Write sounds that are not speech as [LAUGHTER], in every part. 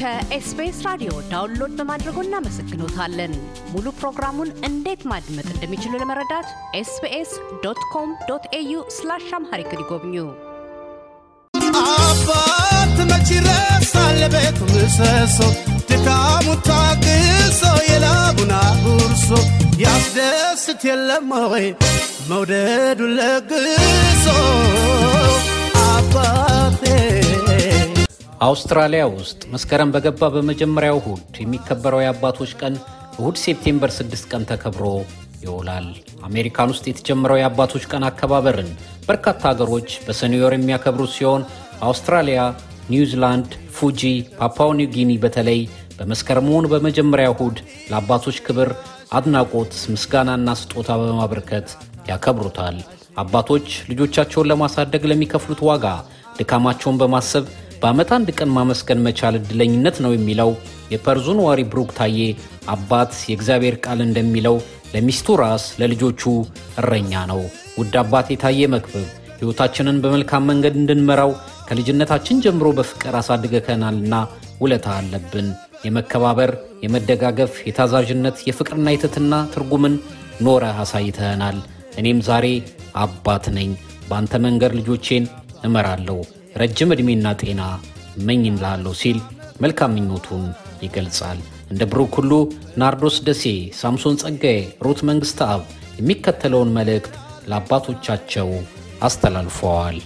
ከኤስቢኤስ ራዲዮ ዳውንሎድ በማድረጎ እናመሰግኖታለን። ሙሉ ፕሮግራሙን እንዴት ማድመጥ እንደሚችሉ ለመረዳት ኤስቢኤስ ዶት ኮም ዶት ኤዩ ስላሽ አምሃሪክ ይጎብኙ። አባት መች ይረሳል ቤቱ ምሰሶ ድካሙ ታግሶ የላቡን ያስደስት የለም ወይ ለግሶ አባቴ አውስትራሊያ ውስጥ መስከረም በገባ በመጀመሪያው እሁድ የሚከበረው የአባቶች ቀን እሁድ ሴፕቴምበር 6 ቀን ተከብሮ ይውላል። አሜሪካን ውስጥ የተጀመረው የአባቶች ቀን አከባበርን በርካታ ሀገሮች በሰኔ ወር የሚያከብሩ ሲሆን አውስትራሊያ፣ ኒውዚላንድ፣ ፉጂ፣ ፓፓው ኒው ጊኒ በተለይ በመስከረም ሆኑ በመጀመሪያው እሁድ ለአባቶች ክብር፣ አድናቆት፣ ምስጋናና ስጦታ በማበርከት ያከብሩታል። አባቶች ልጆቻቸውን ለማሳደግ ለሚከፍሉት ዋጋ ድካማቸውን በማሰብ በዓመት አንድ ቀን ማመስገን መቻል እድለኝነት ነው የሚለው የፐርዙ ነዋሪ ብሩክ ታዬ አባት የእግዚአብሔር ቃል እንደሚለው ለሚስቱ ራስ ለልጆቹ እረኛ ነው። ውድ አባቴ ታዬ መክብብ ሕይወታችንን በመልካም መንገድ እንድንመራው ከልጅነታችን ጀምሮ በፍቅር አሳድገከናልና ውለታ አለብን። የመከባበር፣ የመደጋገፍ፣ የታዛዥነት፣ የፍቅርና የትትና ትርጉምን ኖረ አሳይተህናል። እኔም ዛሬ አባት ነኝ። በአንተ መንገድ ልጆቼን እመራለሁ። ረጅም ዕድሜና ጤና እመኝልሃለሁ ሲል መልካም ምኞቱን ይገልጻል። እንደ ብሩክ ሁሉ ናርዶስ ደሴ፣ ሳምሶን ጸጋዬ፣ ሩት መንግስት አብ የሚከተለውን መልእክት ለአባቶቻቸው አስተላልፈዋል።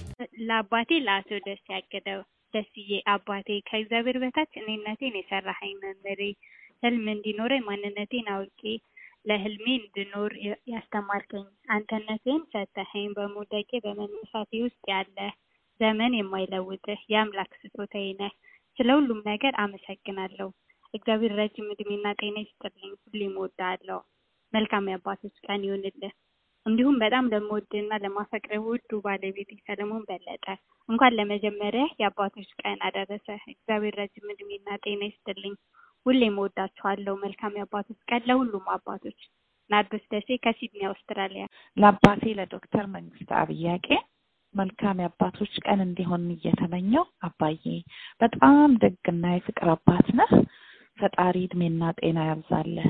ለአባቴ ለአቶ ደስ ያገደው ደስዬ አባቴ ከእግዚአብሔር በታች እኔነቴን የሰራኸኝ መምህሬ፣ ህልም እንዲኖረ ማንነቴን አውቄ ለህልሜ እንድኖር ያስተማርከኝ አንተነቴን ሰጠኸኝ። በመውደቄ በመነሳቴ ውስጥ ያለ ዘመን የማይለውጥህ የአምላክ ስጦታዬ ነህ። ስለ ሁሉም ነገር አመሰግናለሁ። እግዚአብሔር ረጅም እድሜና ጤና ይስጥልኝ። ሁሌም እወድሃለሁ። መልካም የአባቶች ቀን ይሁንልህ። እንዲሁም በጣም ለመወድና ለማፈቅረ ውዱ ባለቤት ሰለሞን በለጠ እንኳን ለመጀመሪያ የአባቶች ቀን አደረሰ። እግዚአብሔር ረጅም እድሜና ጤና ይስጥልኝ። ሁሌም እወዳችኋለሁ። መልካም የአባቶች ቀን ለሁሉም አባቶች። ናርዶስ ደሴ ከሲድኒ አውስትራሊያ። ለአባቴ ለዶክተር መንግስት አብያቄ መልካም የአባቶች ቀን እንዲሆን እየተመኘው አባዬ በጣም ደግና የፍቅር አባት ነህ። ፈጣሪ እድሜና ጤና ያብዛልህ።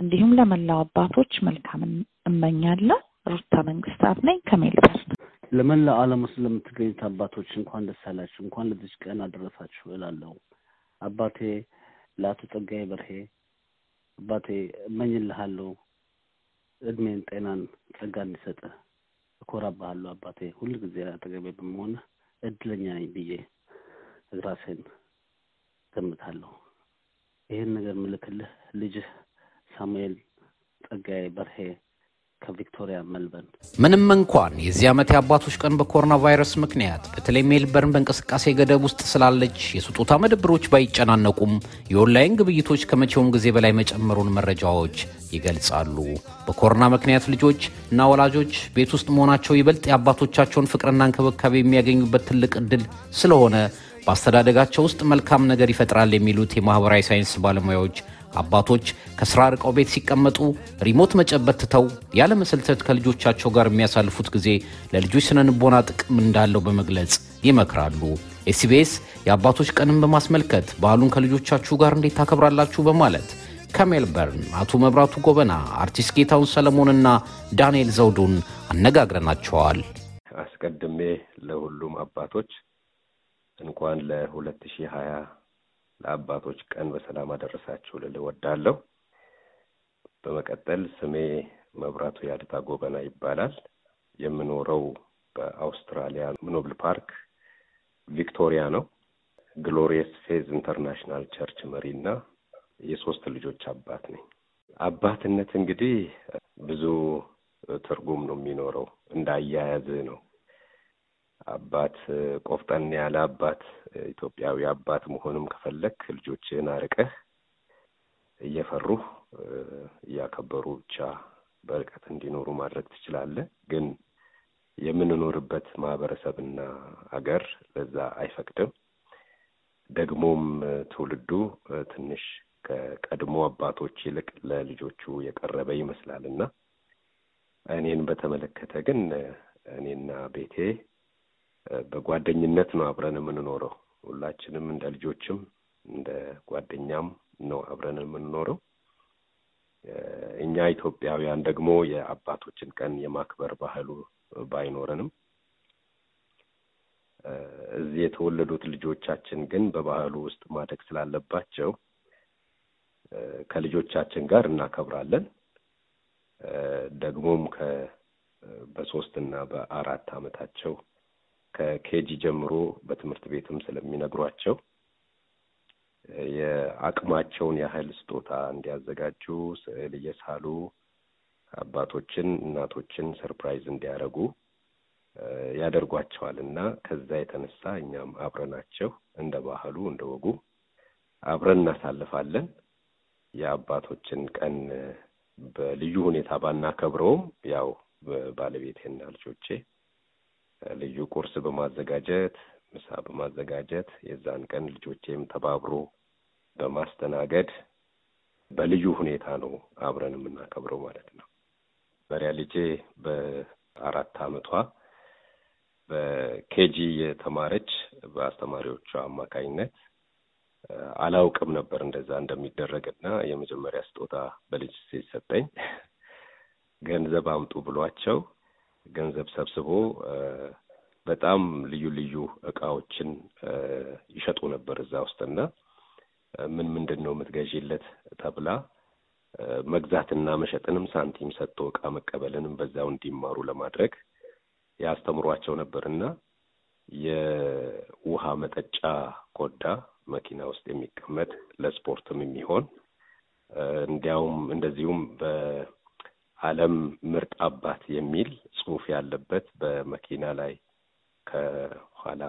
እንዲሁም ለመላው አባቶች መልካም እመኛለሁ። ሩታ መንግስታት ነኝ ከሜልበር ለመላ አለም ውስጥ ለምትገኙት አባቶች እንኳን ደስ አላችሁ እንኳን ለዚች ቀን አደረሳችሁ እላለሁ። አባቴ ለአቶ ጸጋዬ በርሄ አባቴ እመኝልሃለሁ እድሜን፣ ጤናን፣ ጸጋ እንዲሰጥህ እኮራብሃለሁ አባቴ፣ ሁል ጊዜ አጠገቤ በመሆን እድለኛ ነኝ ብዬ እግራሴን ገምታለሁ። ይህን ነገር ምልክልህ ልጅህ ሳሙኤል ጸጋዬ በርሄ ከቪክቶሪያ መልበርን። ምንም እንኳን የዚህ ዓመት የአባቶች ቀን በኮሮና ቫይረስ ምክንያት በተለይ ሜልበርን በእንቅስቃሴ ገደብ ውስጥ ስላለች የስጦታ መደብሮች ባይጨናነቁም የኦንላይን ግብይቶች ከመቼውም ጊዜ በላይ መጨመሩን መረጃዎች ይገልጻሉ። በኮሮና ምክንያት ልጆች እና ወላጆች ቤት ውስጥ መሆናቸው ይበልጥ የአባቶቻቸውን ፍቅርና እንክብካቤ የሚያገኙበት ትልቅ እድል ስለሆነ በአስተዳደጋቸው ውስጥ መልካም ነገር ይፈጥራል የሚሉት የማህበራዊ ሳይንስ ባለሙያዎች አባቶች ከስራ ርቀው ቤት ሲቀመጡ ሪሞት መጨበት ትተው ያለ ከልጆቻቸው ጋር የሚያሳልፉት ጊዜ ለልጆች ስነ ጥቅም እንዳለው በመግለጽ ይመክራሉ። ኤስቢኤስ የአባቶች ቀንን በማስመልከት በዓሉን ከልጆቻችሁ ጋር እንዴት ታከብራላችሁ? በማለት ከሜልበርን አቶ መብራቱ ጎበና፣ አርቲስት ጌታውን ሰለሞንና ዳንኤል ዘውዱን አነጋግረናቸዋል። አስቀድሜ ለሁሉም አባቶች እንኳን ለ2020 ለአባቶች ቀን በሰላም አደረሳችሁ ልል እወዳለሁ። በመቀጠል ስሜ መብራቱ ያድታ ጎበና ይባላል። የምኖረው በአውስትራሊያ ኖብል ፓርክ ቪክቶሪያ ነው። ግሎሪየስ ፌዝ ኢንተርናሽናል ቸርች መሪ እና የሶስት ልጆች አባት ነኝ። አባትነት እንግዲህ ብዙ ትርጉም ነው የሚኖረው፣ እንዳያያዝህ ነው አባት ቆፍጠን ያለ አባት ኢትዮጵያዊ አባት መሆንም ከፈለክ ልጆችህን አርቀህ እየፈሩ እያከበሩ ብቻ በርቀት እንዲኖሩ ማድረግ ትችላለህ። ግን የምንኖርበት ማህበረሰብና አገር ለዛ አይፈቅድም። ደግሞም ትውልዱ ትንሽ ከቀድሞ አባቶች ይልቅ ለልጆቹ የቀረበ ይመስላል እና እኔን በተመለከተ ግን እኔና ቤቴ በጓደኝነት ነው አብረን የምንኖረው። ሁላችንም እንደ ልጆችም እንደ ጓደኛም ነው አብረን የምንኖረው። እኛ ኢትዮጵያውያን ደግሞ የአባቶችን ቀን የማክበር ባህሉ ባይኖረንም እዚህ የተወለዱት ልጆቻችን ግን በባህሉ ውስጥ ማደግ ስላለባቸው ከልጆቻችን ጋር እናከብራለን። ደግሞም ከ በሶስት እና በአራት አመታቸው። ከኬጂ ጀምሮ በትምህርት ቤትም ስለሚነግሯቸው የአቅማቸውን ያህል ስጦታ እንዲያዘጋጁ ስዕል እየሳሉ አባቶችን፣ እናቶችን ሰርፕራይዝ እንዲያደርጉ ያደርጓቸዋል እና ከዛ የተነሳ እኛም አብረናቸው እንደ ባህሉ እንደ ወጉ አብረን እናሳልፋለን። የአባቶችን ቀን በልዩ ሁኔታ ባናከብረውም ያው ባለቤቴና ልጆቼ ልዩ ቁርስ በማዘጋጀት ምሳ በማዘጋጀት የዛን ቀን ልጆቼም ተባብሮ በማስተናገድ በልዩ ሁኔታ ነው አብረን የምናከብረው ማለት ነው። መሪያ ልጄ በአራት አመቷ በኬጂ የተማረች በአስተማሪዎቿ አማካኝነት አላውቅም ነበር እንደዛ እንደሚደረግ እና የመጀመሪያ ስጦታ በልጅ ሴት ሰጠኝ። ገንዘብ አምጡ ብሏቸው ገንዘብ ሰብስቦ በጣም ልዩ ልዩ እቃዎችን ይሸጡ ነበር እዛ ውስጥና ምን ምንድን ነው የምትገዢለት ተብላ መግዛትና መሸጥንም ሳንቲም ሰጥቶ እቃ መቀበልንም በዛው እንዲማሩ ለማድረግ ያስተምሯቸው ነበርና የውሃ መጠጫ ኮዳ መኪና ውስጥ የሚቀመጥ ለስፖርትም የሚሆን እንዲያውም እንደዚሁም ዓለም ምርጥ አባት የሚል ጽሑፍ ያለበት በመኪና ላይ ከኋላ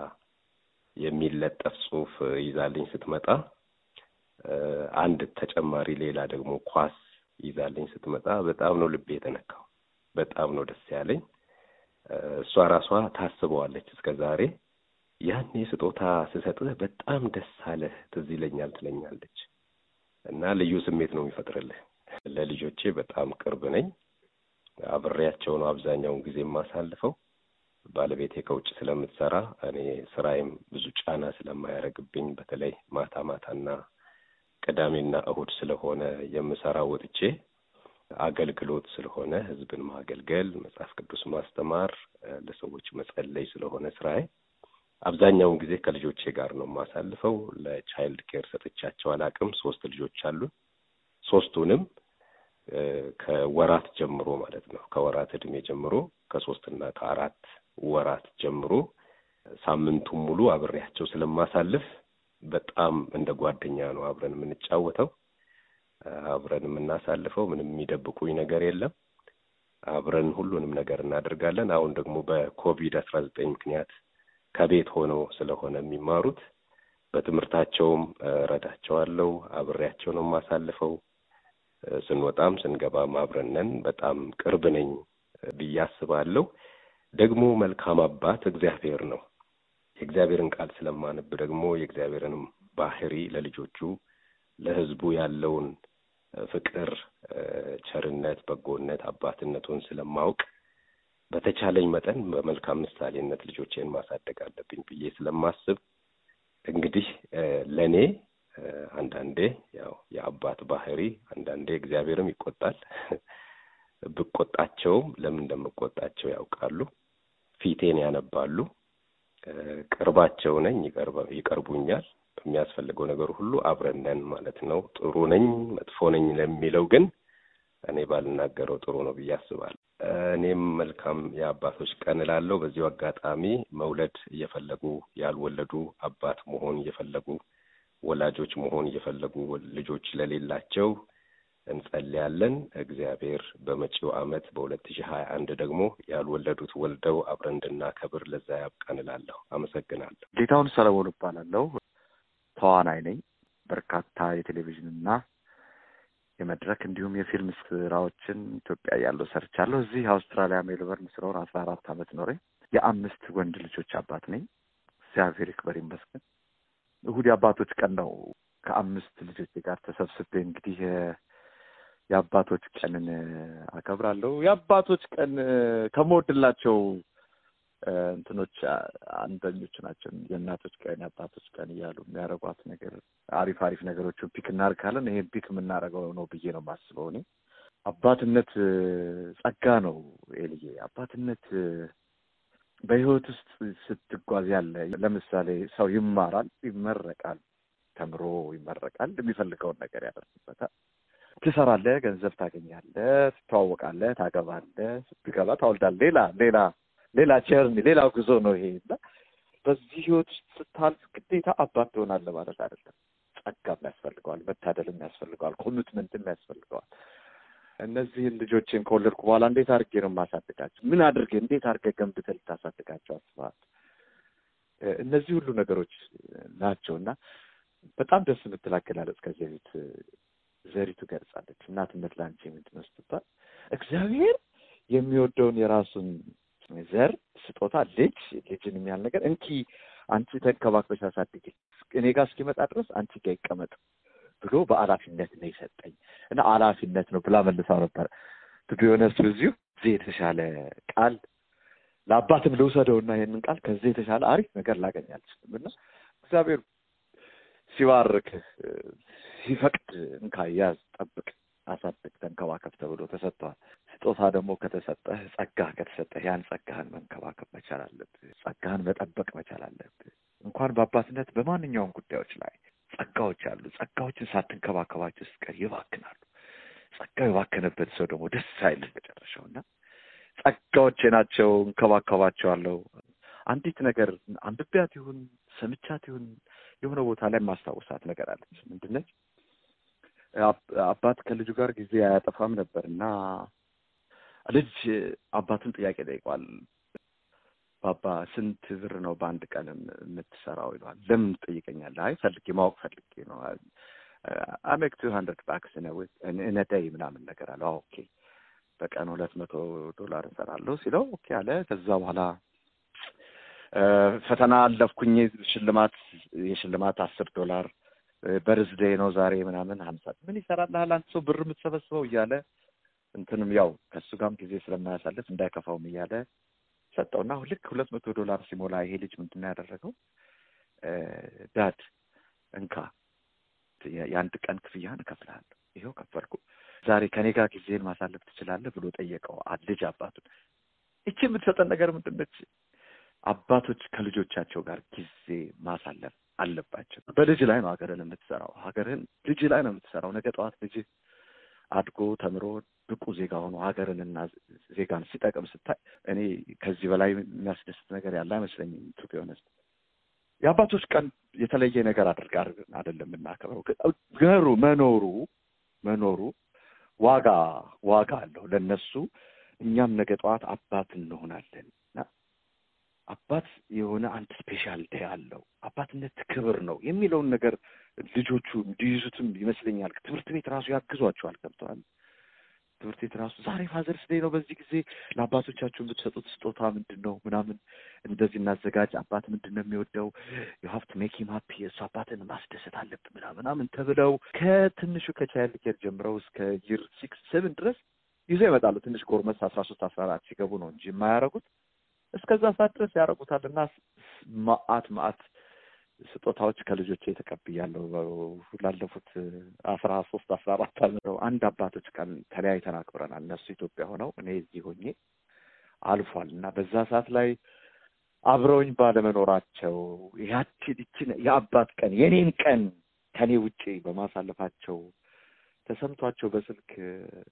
የሚለጠፍ ጽሑፍ ይዛልኝ ስትመጣ አንድ ተጨማሪ ሌላ ደግሞ ኳስ ይዛልኝ ስትመጣ በጣም ነው ልቤ የተነካው። በጣም ነው ደስ ያለኝ። እሷ ራሷ ታስበዋለች እስከ ዛሬ። ያን ስጦታ ስሰጥህ በጣም ደስ አለህ ትዝ ይለኛል ትለኛለች እና ልዩ ስሜት ነው የሚፈጥርልህ። ለልጆቼ በጣም ቅርብ ነኝ። አብሬያቸው ነው አብዛኛውን ጊዜ የማሳልፈው። ባለቤቴ ከውጭ ስለምትሰራ እኔ ስራዬም ብዙ ጫና ስለማያደርግብኝ በተለይ ማታ ማታና ቅዳሜና እሁድ ስለሆነ የምሰራ ወጥቼ አገልግሎት ስለሆነ ህዝብን ማገልገል፣ መጽሐፍ ቅዱስ ማስተማር፣ ለሰዎች መጸለይ ስለሆነ ስራዬ አብዛኛውን ጊዜ ከልጆቼ ጋር ነው የማሳልፈው። ለቻይልድ ኬር ሰጥቻቸው አላቅም። ሶስት ልጆች አሉ። ሶስቱንም ከወራት ጀምሮ ማለት ነው ከወራት እድሜ ጀምሮ ከሶስትና ከአራት ወራት ጀምሮ ሳምንቱን ሙሉ አብሬያቸው ስለማሳልፍ በጣም እንደ ጓደኛ ነው አብረን የምንጫወተው፣ አብረን የምናሳልፈው። ምንም የሚደብቁኝ ነገር የለም። አብረን ሁሉንም ነገር እናደርጋለን። አሁን ደግሞ በኮቪድ አስራ ዘጠኝ ምክንያት ከቤት ሆነው ስለሆነ የሚማሩት በትምህርታቸውም እረዳቸዋለሁ። አብሬያቸው ነው የማሳልፈው። ስንወጣም ስንገባም አብረነን በጣም ቅርብ ነኝ ብዬ አስባለሁ። ደግሞ መልካም አባት እግዚአብሔር ነው። የእግዚአብሔርን ቃል ስለማንብ ደግሞ የእግዚአብሔርንም ባህሪ ለልጆቹ ለሕዝቡ ያለውን ፍቅር፣ ቸርነት፣ በጎነት፣ አባትነቱን ስለማውቅ በተቻለኝ መጠን በመልካም ምሳሌነት ልጆቼን ማሳደግ አለብኝ ብዬ ስለማስብ እንግዲህ ለእኔ አንዳንዴ ያው የአባት ባህሪ አንዳንዴ እግዚአብሔርም ይቆጣል። [LAUGHS] ብቆጣቸውም ለምን እንደምቆጣቸው ያውቃሉ። ፊቴን ያነባሉ። ቅርባቸው ነኝ፣ ይቀርቡኛል። በሚያስፈልገው ነገር ሁሉ አብረን ነን ማለት ነው። ጥሩ ነኝ መጥፎ ነኝ ለሚለው ግን እኔ ባልናገረው ጥሩ ነው ብዬ አስባለሁ። እኔም መልካም የአባቶች ቀን እላለሁ። በዚሁ አጋጣሚ መውለድ እየፈለጉ ያልወለዱ አባት መሆን እየፈለጉ ወላጆች መሆን እየፈለጉ ልጆች ለሌላቸው እንጸልያለን። እግዚአብሔር በመጪው ዓመት በሁለት ሺህ ሀያ አንድ ደግሞ ያልወለዱት ወልደው አብረን እንድናከብር ለዛ ያብቃን እላለሁ። አመሰግናለሁ። ጌታውን ሰለሞን እባላለሁ። ተዋናይ ነኝ። በርካታ የቴሌቪዥንና የመድረክ እንዲሁም የፊልም ስራዎችን ኢትዮጵያ ያለው ሰርቻለሁ። እዚህ አውስትራሊያ ሜልበርን ስለሆን አስራ አራት አመት ኖሬ የአምስት ወንድ ልጆች አባት ነኝ። እግዚአብሔር ይክበር ይመስገን። እሁድ የአባቶች ቀን ነው። ከአምስት ልጆች ጋር ተሰብስቤ እንግዲህ የአባቶች ቀንን አከብራለሁ። የአባቶች ቀን ከምወድላቸው እንትኖች አንደኞች ናቸው። የእናቶች ቀን፣ የአባቶች ቀን እያሉ የሚያደርጓት ነገር አሪፍ አሪፍ ነገሮችን ፒክ እናደርጋለን ይሄን ፒክ የምናደርገው ነው ብዬ ነው የማስበው እኔ አባትነት ጸጋ ነው። ኤልዬ አባትነት በህይወት ውስጥ ስትጓዝ ያለ ለምሳሌ ሰው ይማራል፣ ይመረቃል፣ ተምሮ ይመረቃል፣ የሚፈልገውን ነገር ያደርስበታል። ትሰራለ ገንዘብ ታገኛለ ትተዋወቃለ፣ ታገባለ፣ ስትገባ ታወልዳል ሌላ ሌላ ሌላ ቸርኒ ሌላ ጉዞ ነው ይሄ እና በዚህ ህይወት ውስጥ ስታልፍ ግዴታ አባት ትሆናለህ ማለት አይደለም። ጸጋም ያስፈልገዋል፣ መታደልም ያስፈልገዋል፣ ኮሚትመንትም ያስፈልገዋል። እነዚህን ልጆችን ከወለድኩ በኋላ እንዴት አድርጌ ነው የማሳድጋቸው? ምን አድርገ እንዴት አድርገህ ገንብተህ ልታሳድጋቸው አስበሃል? እነዚህ ሁሉ ነገሮች ናቸው እና በጣም ደስ የምትል አገላለጽ ከዚህ በፊት ዘሪቱ ገልጻለች። እናትነት ለአንቺ ምንድን ስትባል እግዚአብሔር የሚወደውን የራሱን ዘር ስጦታ ልጅ ልጅን የሚያል ነገር እንኪ አንቺ ተንከባክበሽ አሳድጊ፣ እኔ ጋር እስኪመጣ ድረስ አንቺ ጋር ይቀመጥ ብሎ በአላፊነት ነው የሰጠኝ እና አላፊነት ነው ብላ መልሳው ነበር። ቱ ቢ እዚህ የተሻለ ቃል ለአባትም ልውሰደውና ይህንን ቃል ከዚህ የተሻለ አሪፍ ነገር ላገኝ አልችልም እና እግዚአብሔር ሲባርክ ሲፈቅድ እንካ ያዝ፣ ጠብቅ፣ አሳድግ፣ ተንከባከብ ተብሎ ተሰጥተዋል ስጦታ ደግሞ ከተሰጠህ ጸጋ ከተሰጠህ ያን ጸጋህን መንከባከብ መቻል አለብህ። ጸጋህን መጠበቅ መቻል አለብህ። እንኳን በአባትነት በማንኛውም ጉዳዮች ላይ ጸጋዎች አሉ። ጸጋዎችን ሳትንከባከባቸው ስትቀር ይባክናሉ። ጸጋው የባከነበት ሰው ደግሞ ደስ አይልም መጨረሻው እና ጸጋዎቼ ናቸው እንከባከባቸዋለሁ። አንዲት ነገር አንብቢያት ይሁን ሰምቻት ይሁን የሆነ ቦታ ላይ ማስታወሳት ነገር አለች። ምንድነች? አባት ከልጁ ጋር ጊዜ አያጠፋም ነበር እና ልጅ አባቱን ጥያቄ ጠይቋል። ባባ ስንት ብር ነው በአንድ ቀን የምትሰራው ይለዋል። ለምን ትጠይቀኛለህ? አይ ፈልጌ ማወቅ ፈልጌ ነው። አሜክ ቱ ሀንድረድ ባክስ እነደይ ምናምን ነገር አለ። ኦኬ በቀን ሁለት መቶ ዶላር እሰራለሁ ሲለው ኦኬ አለ። ከዛ በኋላ ፈተና አለፍኩኝ። ሽልማት የሽልማት አስር ዶላር በርዝዴ ነው ዛሬ ምናምን ሀምሳ ምን ይሰራልሃል አንድ ሰው ብር የምትሰበስበው እያለ እንትንም ያው ከሱ ጋም ጊዜ ስለማያሳልፍ እንዳይከፋውም እያለ ሰጠው እና ልክ ሁለት መቶ ዶላር ሲሞላ ይሄ ልጅ ምንድን ያደረገው? ዳድ እንካ የአንድ ቀን ክፍያህን እከፍልሃለሁ። ይኸው ከፈልኩ፣ ዛሬ ከኔ ጋር ጊዜን ማሳለፍ ትችላለህ ብሎ ጠየቀው ልጅ አባቱን። ይቺ የምትሰጠን ነገር ምንድነች አባቶች ከልጆቻቸው ጋር ጊዜ ማሳለፍ አለባቸው። በልጅ ላይ ነው ሀገርን የምትሰራው። ሀገርህን ልጅ ላይ ነው የምትሰራው። ነገ ጠዋት ልጅህ አድጎ ተምሮ ብቁ ዜጋ ሆኖ ሀገርንና ዜጋን ሲጠቅም ስታይ እኔ ከዚህ በላይ የሚያስደስት ነገር ያለ አይመስለኝም። ኢትዮጵያ ቢሆነስ የአባቶች ቀን የተለየ ነገር አድርጋ አይደለም የምናከብረው፣ ገሩ መኖሩ መኖሩ ዋጋ ዋጋ አለው ለነሱ። እኛም ነገ ጠዋት አባት እንሆናለን እና አባት የሆነ አንድ ስፔሻልቲ አለው፣ አባትነት ክብር ነው የሚለውን ነገር ልጆቹ እንዲይዙትም ይመስለኛል። ትምህርት ቤት ራሱ ያግዟቸዋል። ገብተዋል። ትምህርት ቤት ራሱ ዛሬ ፋዘርስ ዴይ ነው። በዚህ ጊዜ ለአባቶቻችሁ የምትሰጡት ስጦታ ምንድን ነው? ምናምን እንደዚህ እናዘጋጅ። አባት ምንድን ነው የሚወደው? ዩ ሀቭ ሀፒ። እሱ አባትን ማስደሰት አለብ ምናምናምን ተብለው ከትንሹ ከቻይልድ ኬር ጀምረው እስከ ይር ሲክስ ሰብን ድረስ ይዞ ይመጣሉ። ትንሽ ጎርመስ አስራ ሶስት አስራ አራት ሲገቡ ነው እንጂ የማያደርጉት እስከዛ ሰዓት ድረስ ያደረጉታል እና ማአት ማአት ስጦታዎች ከልጆች የተቀብያለሁ ላለፉት አስራ ሶስት አስራ አራት ዓመት አንድ አባቶች ቀን ተለያይተን አክብረናል። እነሱ ኢትዮጵያ ሆነው እኔ እዚህ ሆኜ አልፏል እና በዛ ሰዓት ላይ አብረውኝ ባለመኖራቸው ይችን የአባት ቀን የኔን ቀን ከኔ ውጪ በማሳለፋቸው ተሰምቷቸው በስልክ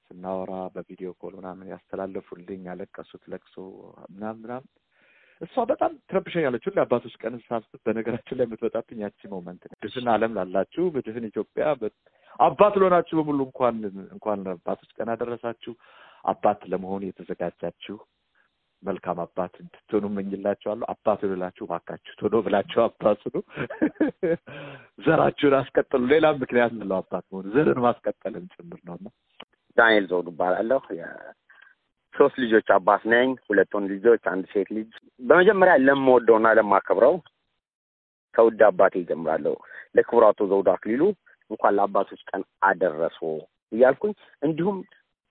ስናወራ በቪዲዮ ኮል ምናምን ያስተላለፉልኝ ያለቀሱት ለቅሶ ምናምን ምናምን እሷ በጣም ትረብሸኝ ትረብሸኛለች። ሁሌ አባቶች ቀን ሳስብ በነገራችን ላይ የምትመጣብኝ ያቺ ሞመንት ነ ድፍን አለም ላላችሁ በድፍን ኢትዮጵያ አባት ለሆናችሁ በሙሉ እንኳን እንኳን አባቶች ቀን አደረሳችሁ። አባት ለመሆን የተዘጋጃችሁ መልካም አባት እንድትሆኑ እመኝላችኋለሁ። አባት ብላችሁ እባካችሁ ቶሎ ብላችሁ አባት ሁኑ። [LAUGHS] ዘራችሁን አስቀጥሉ። ሌላም ምክንያት ምለው አባት መሆኑ ዘርን ማስቀጠልም ጭምር ነው ነውና። ዳንኤል ዘውዱ እባላለሁ። ሶስት ልጆች አባት ነኝ። ሁለት ወንድ ልጆች፣ አንድ ሴት ልጅ። በመጀመሪያ ለምወደው ለምወደውና ለማከብረው ከውድ አባቴ ይጀምራለሁ። ለክቡር አቶ ዘውዱ አክሊሉ እንኳን ለአባቶች ቀን አደረሶ እያልኩኝ እንዲሁም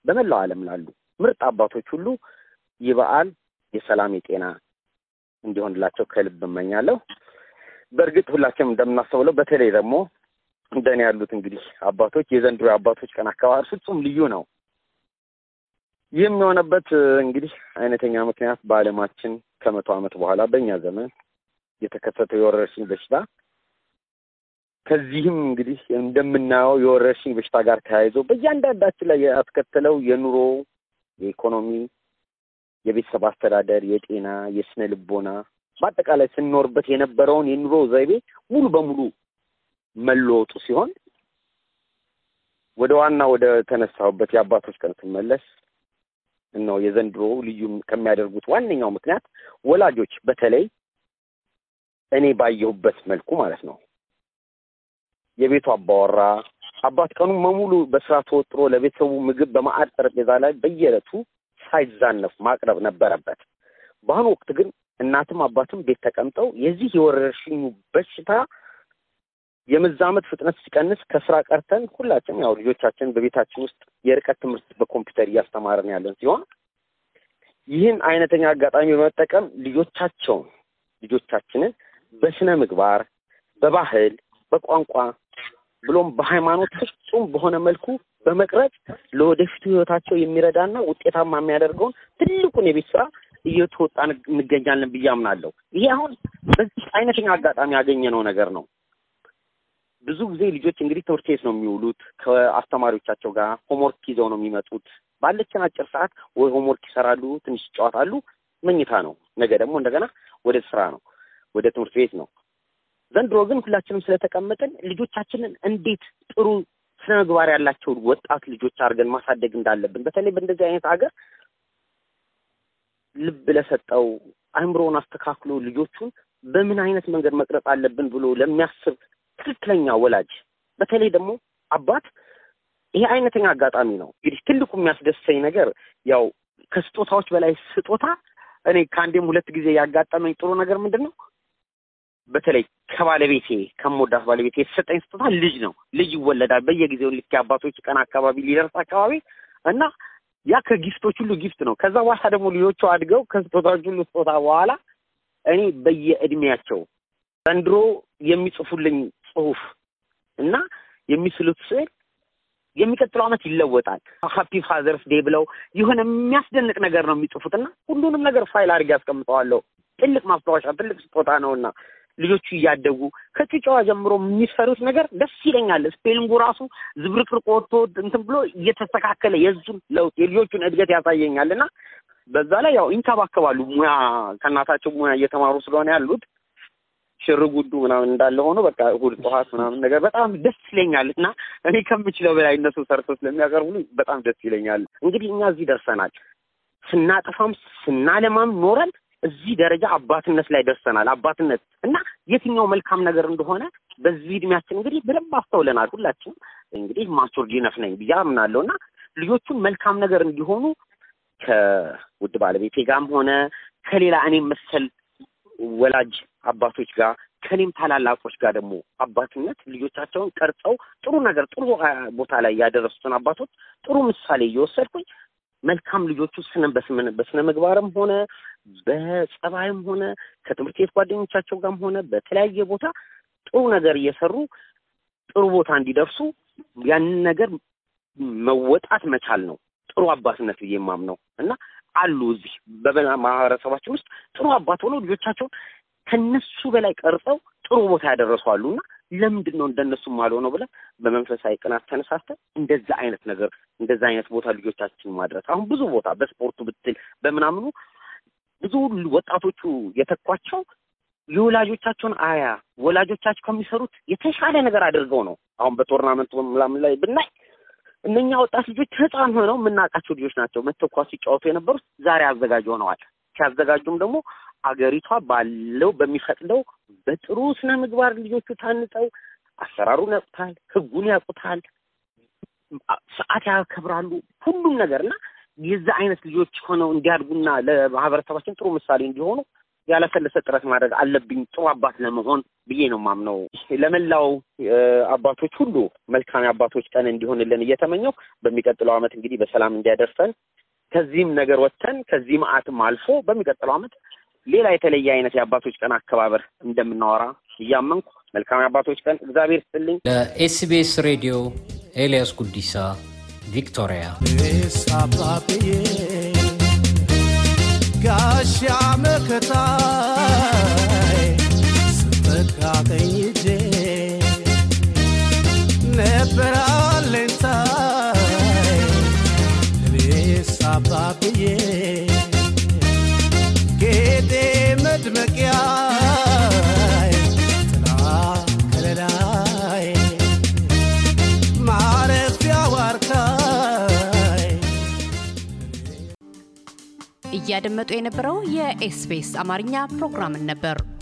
በመላው ዓለም ላሉ ምርጥ አባቶች ሁሉ ይህ በዓል የሰላም የጤና እንዲሆንላቸው ከልብ እመኛለሁ። በእርግጥ ሁላችንም እንደምናስተውለው በተለይ ደግሞ እንደኔ ያሉት እንግዲህ አባቶች የዘንድሮ አባቶች ቀን አከባበር ፍጹም ልዩ ነው። ይህም የሆነበት እንግዲህ አይነተኛ ምክንያት በዓለማችን ከመቶ ዓመት በኋላ በእኛ ዘመን የተከሰተው የወረርሽኝ በሽታ ከዚህም እንግዲህ እንደምናየው የወረርሽኝ በሽታ ጋር ተያይዞ በእያንዳንዳችን ላይ ያስከተለው የኑሮ፣ የኢኮኖሚ፣ የቤተሰብ አስተዳደር፣ የጤና፣ የስነ ልቦና በአጠቃላይ ስንኖርበት የነበረውን የኑሮ ዘይቤ ሙሉ በሙሉ መለወጡ ሲሆን ወደ ዋና ወደ ተነሳሁበት የአባቶች ቀን ስመለስ ነው የዘንድሮ ልዩ ከሚያደርጉት ዋነኛው ምክንያት ወላጆች በተለይ እኔ ባየሁበት መልኩ ማለት ነው የቤቱ አባወራ አባት ቀኑ በሙሉ በስራ ተወጥሮ ለቤተሰቡ ምግብ በማዕድ ጠረጴዛ ላይ በየዕለቱ ሳይዛነፍ ማቅረብ ነበረበት። በአሁኑ ወቅት ግን እናትም አባትም ቤት ተቀምጠው የዚህ የወረርሽኙ በሽታ የመዛመት ፍጥነት ሲቀንስ ከስራ ቀርተን ሁላችን ያው ልጆቻችን በቤታችን ውስጥ የርቀት ትምህርት በኮምፒውተር እያስተማርን ያለን ሲሆን ይህን አይነተኛ አጋጣሚ በመጠቀም ልጆቻቸውን ልጆቻችንን በስነ ምግባር፣ በባህል፣ በቋንቋ ብሎም በሃይማኖት ፍጹም በሆነ መልኩ በመቅረጽ ለወደፊቱ ህይወታቸው የሚረዳና ውጤታማ የሚያደርገውን ትልቁን የቤት ስራ እየተወጣ እንገኛለን ብዬ አምናለሁ። ይሄ አሁን በዚህ አይነተኛ አጋጣሚ ያገኘነው ነገር ነው። ብዙ ጊዜ ልጆች እንግዲህ ትምህርት ቤት ነው የሚውሉት። ከአስተማሪዎቻቸው ጋር ሆምወርክ ይዘው ነው የሚመጡት። ባለችን አጭር ሰዓት ወይ ሆምወርክ ይሰራሉ፣ ትንሽ ይጫወታሉ፣ መኝታ ነው። ነገ ደግሞ እንደገና ወደ ስራ ነው፣ ወደ ትምህርት ቤት ነው። ዘንድሮ ግን ሁላችንም ስለተቀመጥን ልጆቻችንን እንዴት ጥሩ ስነ ምግባር ያላቸውን ወጣት ልጆች አድርገን ማሳደግ እንዳለብን በተለይ በእንደዚህ አይነት ሀገር ልብ ለሰጠው አእምሮውን አስተካክሎ ልጆቹን በምን አይነት መንገድ መቅረጽ አለብን ብሎ ለሚያስብ ትክክለኛ ወላጅ በተለይ ደግሞ አባት ይሄ አይነተኛ አጋጣሚ ነው። እንግዲህ ትልቁ የሚያስደስተኝ ነገር ያው ከስጦታዎች በላይ ስጦታ እኔ ከአንዴም ሁለት ጊዜ ያጋጠመኝ ጥሩ ነገር ምንድን ነው በተለይ ከባለቤቴ ከምወዳት ባለቤቴ የተሰጠኝ ስጦታ ልጅ ነው። ልጅ ይወለዳል በየጊዜው ልክ አባቶች ቀን አካባቢ ሊደርስ አካባቢ እና ያ ከጊፍቶች ሁሉ ጊፍት ነው። ከዛ በኋላ ደግሞ ልጆቹ አድገው ከስጦታዎች ሁሉ ስጦታ በኋላ እኔ በየእድሜያቸው ዘንድሮ የሚጽፉልኝ ጽሁፍ እና የሚስሉት ስዕል የሚቀጥለው ዓመት ይለወጣል። ሀፒ ፋዘርስ ዴ ብለው የሆነ የሚያስደንቅ ነገር ነው የሚጽፉት እና ሁሉንም ነገር ፋይል አድርጌ አስቀምጠዋለሁ። ትልቅ ማስታወሻ፣ ትልቅ ስጦታ ነውና ልጆቹ እያደጉ ከጩጫዋ ጀምሮ የሚሰሩት ነገር ደስ ይለኛል። ስፔሊንጉ ራሱ ዝብርቅርቅ ወጥቶ እንትን ብሎ እየተስተካከለ የዙን ለውጥ የልጆቹን እድገት ያሳየኛል እና በዛ ላይ ያው ይንከባከባሉ። ሙያ ከእናታቸው ሙያ እየተማሩ ስለሆነ ያሉት ሽርጉዱ ምናምን እንዳለ ሆኖ በቃ እሑድ ጠዋት ምናምን ነገር በጣም ደስ ይለኛል እና እኔ ከምችለው በላይ እነሱ ሰርቶ ስለሚያቀርቡ በጣም ደስ ይለኛል። እንግዲህ እኛ እዚህ ደርሰናል። ስናጠፋም ስናለማም ኖረን እዚህ ደረጃ አባትነት ላይ ደርሰናል። አባትነት እና የትኛው መልካም ነገር እንደሆነ በዚህ እድሜያችን እንግዲህ በደንብ አስተውለናል። ሁላችንም እንግዲህ ማቹር ዲነፍ ነኝ ብዬ አምናለሁ እና ልጆቹን መልካም ነገር እንዲሆኑ ከውድ ባለቤቴ ጋርም ሆነ ከሌላ እኔም መሰል ወላጅ አባቶች ጋር ከኔም ታላላቆች ጋር ደግሞ አባትነት ልጆቻቸውን ቀርጸው ጥሩ ነገር ጥሩ ቦታ ላይ ያደረሱትን አባቶች ጥሩ ምሳሌ እየወሰድኩኝ መልካም ልጆቹ በስነ ምግባርም ሆነ በጸባይም ሆነ ከትምህርት ቤት ጓደኞቻቸው ጋርም ሆነ በተለያየ ቦታ ጥሩ ነገር እየሰሩ ጥሩ ቦታ እንዲደርሱ ያንን ነገር መወጣት መቻል ነው ጥሩ አባትነት ብዬ የማምነው እና አሉ እዚህ በበላ ማህበረሰባችን ውስጥ ጥሩ አባት ሆነው ልጆቻቸውን ከነሱ በላይ ቀርጸው ጥሩ ቦታ ያደረሱ አሉ እና ለምንድን ነው እንደነሱ ነው ብለን በመንፈሳዊ ቅናት ተነሳስተን እንደዛ አይነት ነገር እንደዛ አይነት ቦታ ልጆቻችን ማድረስ አሁን ብዙ ቦታ በስፖርቱ ብትል በምናምኑ ብዙ ወጣቶቹ የተኳቸው የወላጆቻቸውን አያ ወላጆቻቸው ከሚሰሩት የተሻለ ነገር አድርገው ነው። አሁን በቶርናመንቱ ምናምን ላይ ብናይ እነኛ ወጣት ልጆች ህፃን ሆነው የምናውቃቸው ልጆች ናቸው። መተኳ ሲጫወቱ የነበሩት ዛሬ አዘጋጅ ሆነዋል። ሲያዘጋጁም ደግሞ አገሪቷ ባለው በሚፈቅደው በጥሩ ስነ ምግባር ልጆቹ ታንጠው አሰራሩን ያውቁታል፣ ህጉን ያውቁታል፣ ሰዓት ያከብራሉ፣ ሁሉም ነገር እና የዛ አይነት ልጆች ሆነው እንዲያድጉና ለማህበረሰባችን ጥሩ ምሳሌ እንዲሆኑ ያላሰለሰ ጥረት ማድረግ አለብኝ ጥሩ አባት ለመሆን ብዬ ነው ማምነው። ለመላው አባቶች ሁሉ መልካም አባቶች ቀን እንዲሆንልን እየተመኘው በሚቀጥለው ዓመት እንግዲህ በሰላም እንዲያደርሰን ከዚህም ነገር ወጥተን ከዚህ መዓትም አልፎ በሚቀጥለው ዓመት ሌላ የተለየ አይነት የአባቶች ቀን አከባበር እንደምናወራ እያመንኩ መልካም የአባቶች ቀን እግዚአብሔር ስጥልኝ። ለኤስቢኤስ ሬዲዮ ኤልያስ ጉዲሳ ቪክቶሪያ። ጋሻ መከታይ እያደመጡ የነበረው የኤስቢኤስ አማርኛ ፕሮግራምን ነበር።